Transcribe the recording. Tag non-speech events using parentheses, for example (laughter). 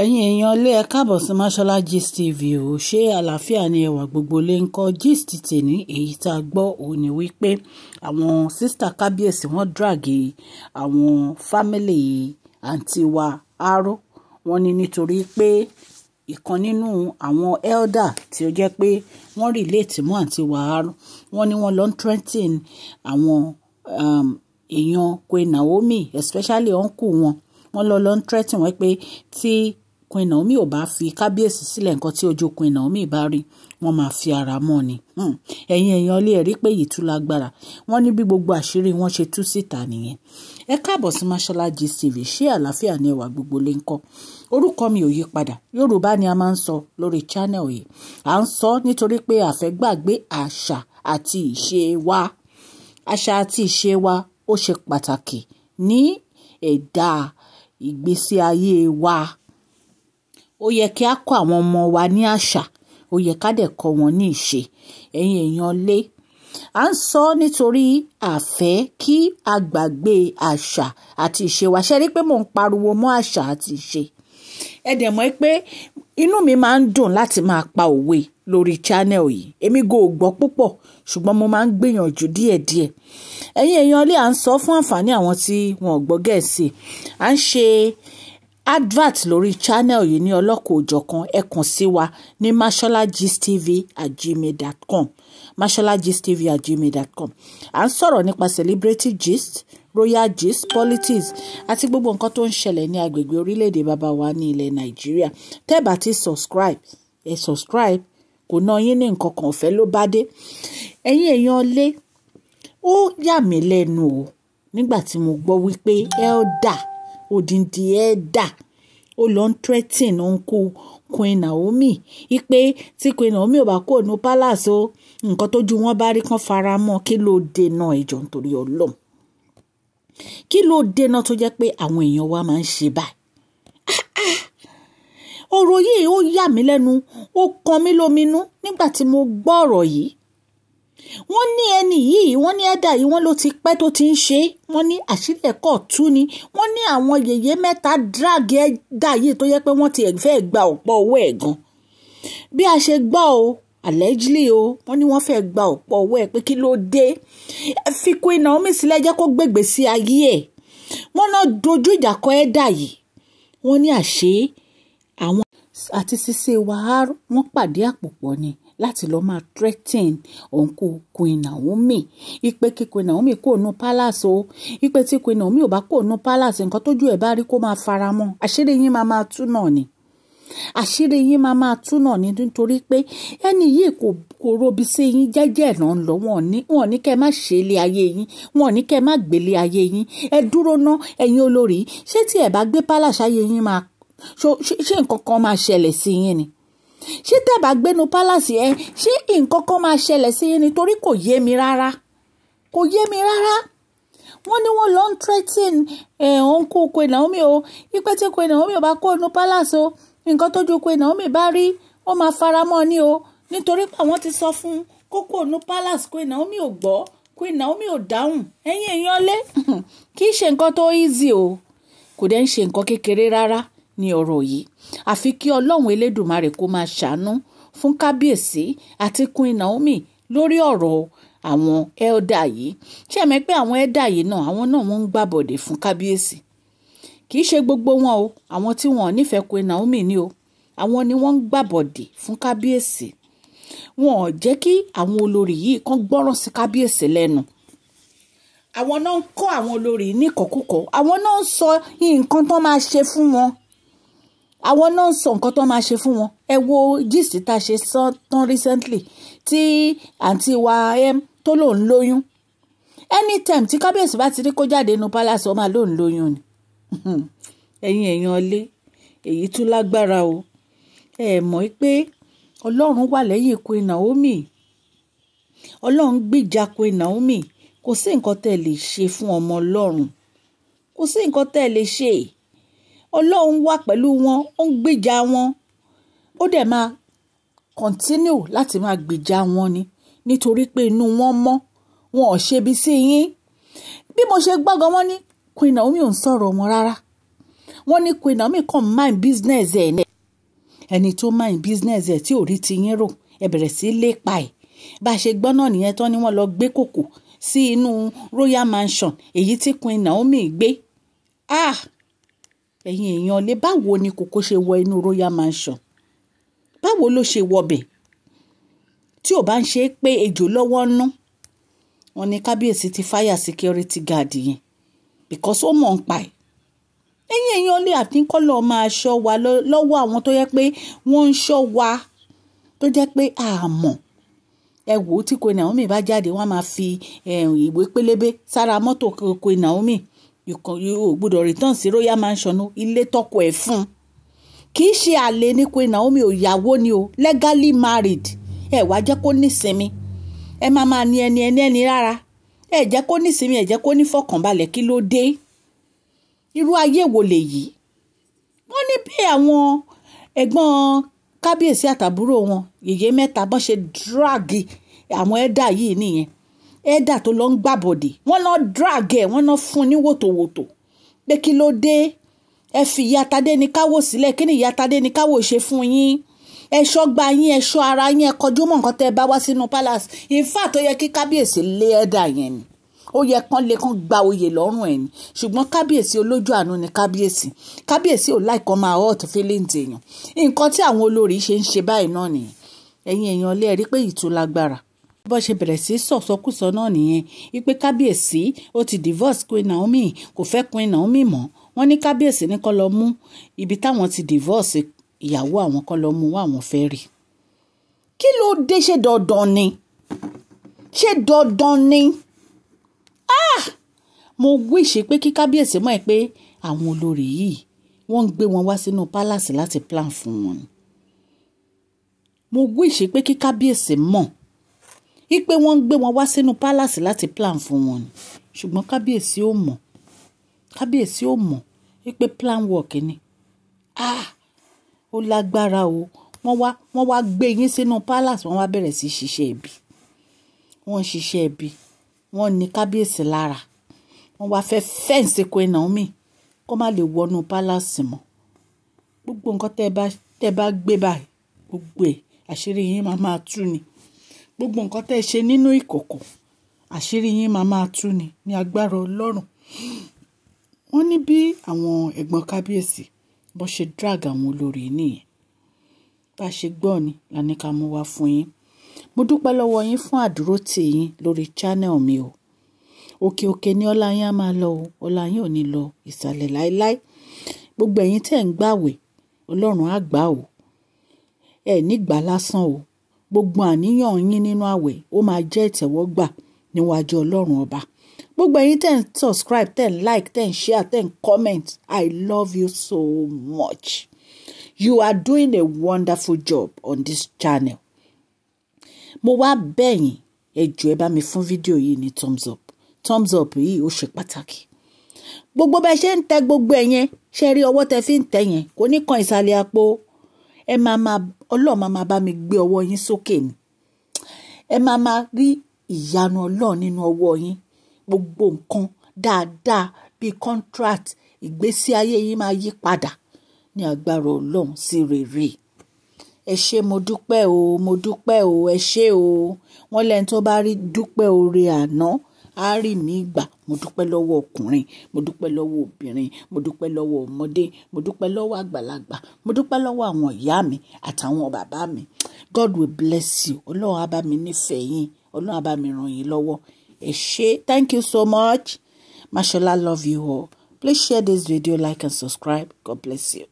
ẹ̀yin èèyàn ilé ẹ káàbọ̀ sí Mashola Gist TV ò ṣe àlàáfíà ni ẹwà gbogbo lè ń kọ́ gist tèmi èyí tá a gbọ́ òun ni wípé àwọn sísítà kábíyèsí wọ́n dragi àwọn fámìlì àǹtí wa aró wọ́n ní nítorí pé ìkan nínú àwọn elda tí ó jẹ́ pé wọ́n rìlẹ́ẹ̀tì mọ́ àǹtí wa aró wọ́n ní wọ́n lọ ń trenton àwọn um, èèyàn Queen Naomi especially uncle wọn wọ́n lọ lọ ń tírẹ́tì wọ́n pé tí Queen Naomi ò bá fi kábíyèsí sílẹ̀ nǹkan tí ojú Queen Naomi bá rí wọ́n máa fi ara mọ́ ni hmm. ẹ̀yin èèyàn ilé ẹ̀rí pé yìí tú lágbára wọ́n ní bí gbogbo àṣírí wọn ṣe tú síta nìyẹn ẹ káàbọ̀ sí Mashola Gist TV ṣé àlàáfíà ni ẹwà gbogbo lè ń kọ́ orúkọ mi ò yí padà Yorùbá ni a máa ń sọ lórí channel yìí à ń sọ nítorí pé a àṣà àti ìṣe wa àṣà àti ìṣe wa ó ṣe pàtàkì ní ẹ̀dá e ìgbésí ayé wa ó yẹ kí a kọ́ àwọn ọmọ wa ní àṣà ó yẹ ká dẹ̀ kọ́ wọn ní ìṣe ẹ̀yin èèyàn lé à ń sọ nítorí àfẹ́ kí a gbàgbé àṣà àti ìṣe wa ṣe rí pé mò ń pariwo mọ́ àṣà àti ìṣe ẹ dẹ̀ mọ̀ pé inú mi máa ń dùn láti máa pa òwe lórí channel yìí èmi go gbọ́ púpọ̀ ṣùgbọ́n mo máa ń gbìyànjú díẹ̀díẹ̀ ẹ̀yin èèyàn ilé à ń sọ fún àǹfààní àwọn tí wọn gbọ́ gẹ̀ẹ́sì à ń ṣe advert lórí channel yìí ní ọlọ́kọ̀-ò-jọ̀kan ẹ kàn sí wa ní masholagistv@gmail.com masholagistv@gmail.com à ń sọ̀rọ̀ nípa celebrity gist royal gist politics àti gbogbo nǹkan tó ń ṣẹlẹ̀ ní agbègbè orílẹ̀-èdè bàbá wa ní ilẹ̀ nàìjíríà tẹ́ bá ti subscribe ẹ eh, subscribe kò ná yín ní nǹkan kan ọ̀fẹ́ ló bá dé ẹ̀yin èèyàn lé ó yà mí lẹ́nu o nígbà tí mo gbọ́ wípé elder odindi ẹ̀dà ó lọ ń threaten uncle Queen Naomi ipe tí Queen Naomi ò bá kúrò ní palace o nǹkan tójú wọn bá rí kan fara mọ́ kí ló dènà ìjọ nítorí Ọlọ́run kí ló dènà tó jẹ́ pé àwọn èèyàn wa máa ń ṣe báyìí ah, ah, ọ̀rọ̀ yìí ó yà mí lẹ́nu ó kan mí lóminú nígbà tí mo gbọ́ ọ̀rọ̀ yìí wọ́n ní ẹni yìí wọ́n ní ẹ̀dà yìí wọ́n ló ti pẹ́ tó ti ń ṣe é wọ́n ní àṣírí ẹ̀kọ́ tú ni wọ́n ní àwọn yèyé mẹ́ta drag ẹ̀dà yìí tó yẹ pé wọ́n ti fẹ́ gba ọ̀pọ̀ owó ẹ̀ gan bí a ṣe gbọ́ o allegedly o wọ́n ní wọ́n fẹ́ gba ọ̀pọ̀ owó ẹ̀ pé kí ló dé ẹ fi Queen Naomi sílẹ̀ jẹ́ kó gbègbè sí ayé ẹ̀ wọ́n náà dojú ìjà kọ ẹ̀dà yìí wọ́n ní àṣé àwọn àti ṣíṣe wàhálà wọ́n pàdé àpòpọ̀ ni láti lọ́ọ́ máa threaten òǹkù Queen Naomi ìpè kí Queen Naomi kò nu palace o ìpè tí Queen Naomi ò bá kò nu palace nǹkan tójú ẹ̀ bá rí kó máa fara mọ́ àṣírí yín máa máa tú náà ni àṣírí yín máa máa tú náà ni nítorí pé ẹni yìí kò kò robi sí yín jẹ́jẹ́ náà ń lọ wọn ní wọn ní kẹ́ má ṣe ilé ayé yín wọn ní kẹ́ má gbélé ayé yín ẹ dúró ná ẹ̀yin olórí ṣé tí ẹ bá gbé pálàṣà ayé yín máa ṣé nǹkan kan máa ṣẹlẹ̀ sí yín ni ṣé tẹ́bà gbénu palace yẹn ṣé nǹkan kan máa ṣẹlẹ̀ sí yín nítorí kò yé mi rárá kò yé mi rárá wọ́n ní wọ́n lọ ń threaten ọ̀nkú eh, Queen Naomi o ipe tí Queen Naomi ò bá kó inú palace o nǹkan tójú Queen Naomi bá rí ó máa faramọ́ ni o nítorí pé àwọn ti sọ fún kókó inú palace Queen Naomi ò gbọ́ Queen Naomi ò dáhùn ẹ̀yin èèyàn lé (laughs) kì í ṣe nǹkan tó easy o kò dẹ̀ ń ṣe nǹkan kékeré rárá ní ọ̀rọ̀ yìí àfi kí ọlọ́run elédùmarè kó máa ṣàánú fún kábíyèsí àti queen naomi lórí ọ̀rọ̀ àwọn elder yìí ṣé ẹ̀mẹ́ pé àwọn elder yìí náà àwọn náà wọ́n ń gbàbọ̀dè fún kábíyèsí kì í ṣe gbogbo wọn o àwọn tí wọn ò nífẹ̀ẹ́ queen naomi ni o àwọn ni wọ́n ń gbàbọ̀dè fún kábíyèsí wọn ò jẹ́ kí àwọn olórí yìí kan gbọ́ràn sí kábíyèsí lẹ́nu àwọn náà ń kọ́ àwọn olórí níkọ̀kúkọ̀ àwọn náà ń sọ nǹkan tó máa ṣe fún wọn àwọn náà ń sọ nǹkan tó máa ṣe fún wọn ẹ wo gist tá a ṣe tán recently tí àǹtí wa m tó lòun lóyún anytime tí kábíyèsí bá ti rí kó jáde inú palace ọmọ lòun lóyún ni (laughs) ẹ̀yin èèyàn ọlé èyí tún lágbára o ẹ mọ̀ pé ọlọ́run wà lẹ́yìn Queen Naomi ọlọ́run gbìjà Queen Naomi kò sí nǹkan tẹ́ ẹ lè ṣe fún ọmọ ọlọ́run kò sí nǹkan tẹ́ lè ṣe ọlọ́run wà pẹ̀lú wọn ó ń gbèjà wọn ó dẹ̀ máa continue láti máa gbèjà wọn ni nítorí pé inú wọn mọ́ wọn ò ṣebi sí yín bí mo ṣe gbọ́gàn wọn ní Queen Naomi ò ń sọ̀rọ̀ wọn rárá wọ́n ní Queen Naomi kàn mind business ẹ̀ ní ẹni tó mind business ẹ̀ tí ò rí ti yín rò ẹ̀ bẹ̀rẹ̀ sí lépa ẹ̀ bá a ṣe gbọ́ náà nìyẹn tán ni wọ́n lọ gbé kòkò sí inú royal mansion èyí tí Queen Naomi gbé ah ẹ̀yin èèyàn lé báwo ni Koko ṣe wọ inú royal mansion báwo ló ṣe wọbẹ̀ tí ò bá ń ṣe é pé ejò lọ́wọ́ ń ná wọ́n ní kábíyèsí ti fire security guard yẹn because ó mọ̀ ń pa ẹ̀ ẹ̀yin èèyàn lé àtìkọ́lọ̀ máa ṣọ́ wa lọ́wọ́ àwọn tó yẹ pé wọ́n ń ṣọ́ wa tó jẹ́ pé àmọ̀ ẹ wò ó tí Queen Naomi bá jáde wọ́n máa fi eh, ìwé pélébé sára mọ́tò Queen Naomi o gbọ́dọ̀ return sí royal mansion ilé tọkọ ẹ̀ fún kì í ṣe àlè ní pé Naomi ò yàwó ni o legally married ẹ wá jẹ́ kó nísinmi ẹ má máa ní ẹni ẹni ẹni rárá ẹ jẹ́ kó nísinmi ẹ jẹ́ kó ní fọkànbalẹ̀ kí ló dé irú ayé wo lèyí wọ́n ní bí àwọn ẹ̀gbọ́n kábíyèsí àtàbúrò wọn yèyé mẹ́ta bọ́n ṣe drag àwọn ẹ̀dá yìí nìyẹn ẹ̀dà tó lọ ń gbàbọ̀dè wọ́n lọ drag ẹ̀ wọ́n lọ fún ní wòtòwòtò pé kí ló dé ẹ fi ìyá Tadé káwò sílẹ̀ kí ni ìyá Tadé ní káwò ṣe fún yín ẹ̀ṣọ́ gba yín ẹ̀ṣọ́ ara yín ẹ kọjú mọ́ nǹkan tẹ́ ẹ bá wá sínú palace in fact ó yẹ kí kábíyèsí lé ẹ̀dà yẹn ni ó yẹ kán lè kán gba oyè lọ́rùn ẹ̀ ni ṣùgbọ́n kábíyèsí olójú àánú ni kábíyèsí kábíyèsí ò láì kan máa hot feelings èèyàn nǹkan tí àwọn olórí ṣe ń ṣe báyìí náà nìyẹn ẹ̀yin èèyàn lé ẹ rí pé ìtú bó ṣe bẹ̀rẹ̀ sí sọ̀sọ́kùsọ náà nìyẹn wípé kábíyèsí ó ti divorce Queen Naomi kò fẹ́ Queen Naomi mọ́ wọ́n ní kábíyèsí ní kó lọ mú ibi táwọn ti divorce ìyàwó àwọn kó lọ mú wá àwọn fẹ́ rí kí ló dé ṣe dandan ni ṣe dandan ni ah mo wíṣe pé kí kábíyèsí mọ̀ ẹ́ pé àwọn olórí yìí wọ́n ń gbé wọn wá sínú palace láti plan fún wọn ni mo wíṣe pé kí kábíyèsí mọ̀ wípé wọ́n ń gbé wọn wá sínú pálàsì láti plan fún wọn ni ṣùgbọ́n kábíyèsí ò mọ̀ kábíyèsí ò mọ̀ wípé plan work ni ah ó lágbára o wọ́n wá wọ́n wá gbé yín sínú palace wọ́n wá bẹ̀rẹ̀ sí ṣiṣẹ́ ibi wọ́n ṣiṣẹ́ ibi wọ́n ní kábíyèsí lára wọ́n wá fẹ́ fẹ́ǹsì Queen Naomi kó má lè wọnú palace mọ́ gbogbo nǹkan tẹ́ bá tẹ́ bá gbé báyìí gbogbo ẹ̀ àṣírí yín máa máa tú ni gbogbo nǹkan tẹ́ ẹ ṣe nínú ìkọ̀kọ̀ àṣírí yín máa máa tú ni ní agbára ọlọ́run wọ́n ní bí àwọn ẹ̀gbọ́n kábíyèsí bó ṣe drag àwọn olórí nìyẹn bá a ṣe gbọ́ ni la ní ká mú wá fún yín mo dúpẹ́ lọ́wọ́ yín fún àdúró tì yín lórí channel mi o òkè òkè ni ọlá yín á máa lọ o ọlá yín ò ní lọ ìsàlẹ̀ láéláé gbogbo ẹ̀yin tẹ́ ń gbàwẹ̀ ọlọ́run á gbà o ẹ nígbà lásán o gbogbo àníyàn yín nínú àwẹ̀ ó máa jẹ́ ìtẹ̀wọ́gbà níwájú ọlọ́run ọba gbogbo ẹ̀yin tẹ̀ subscribe ten like ten share ten comment i love you so much you are doing a wonderful job on this channel mo wá bẹ̀yìn ẹ jọ̀ọ́ ẹ bá mi fún fídíò yìí ní thumbs up thumbs up yìí ó ṣe pàtàkì gbogbo bẹ́ẹ̀ ṣe ń tẹ gbogbo ẹ̀ yẹn ṣe rí ọwọ́ tẹ fi ń tẹ yẹn kò ní kan ìsàlẹ̀ àpò ẹ máa máa ọlọ́run máa máa bá mi gbé ọwọ́ yín sókè ni ẹ máa máa rí ìyanu ọlọ́run nínú ọwọ́ yín gbogbo nǹkan dáadáa bíi contract ìgbésí ayé yín máa yí padà ní agbára ọlọ́run sí rere ẹ ṣé mo dúpẹ́ o mo dúpẹ́ o ẹ ṣé o wọ́n lẹ́ni tó bá rí dúpẹ́ oore àná á rì mí gbà mo dúpẹ́ lọ́wọ́ ọkùnrin mo dúpẹ́ lọ́wọ́ obìnrin mo dúpẹ́ lọ́wọ́ ọmọdé mo dúpẹ́ lọ́wọ́ àgbàlagbà mo dúpẹ́ lọ́wọ́ àwọn ìyá mi àtàwọn bàbá mi God will bless you ọlọ́run á bá mi nífẹ̀ẹ́ yín ọlọ́run á bá mi ràn yín lọ́wọ́ ẹ ṣé thank you so much mashallah love you all please share this video like and subscribe God bless you.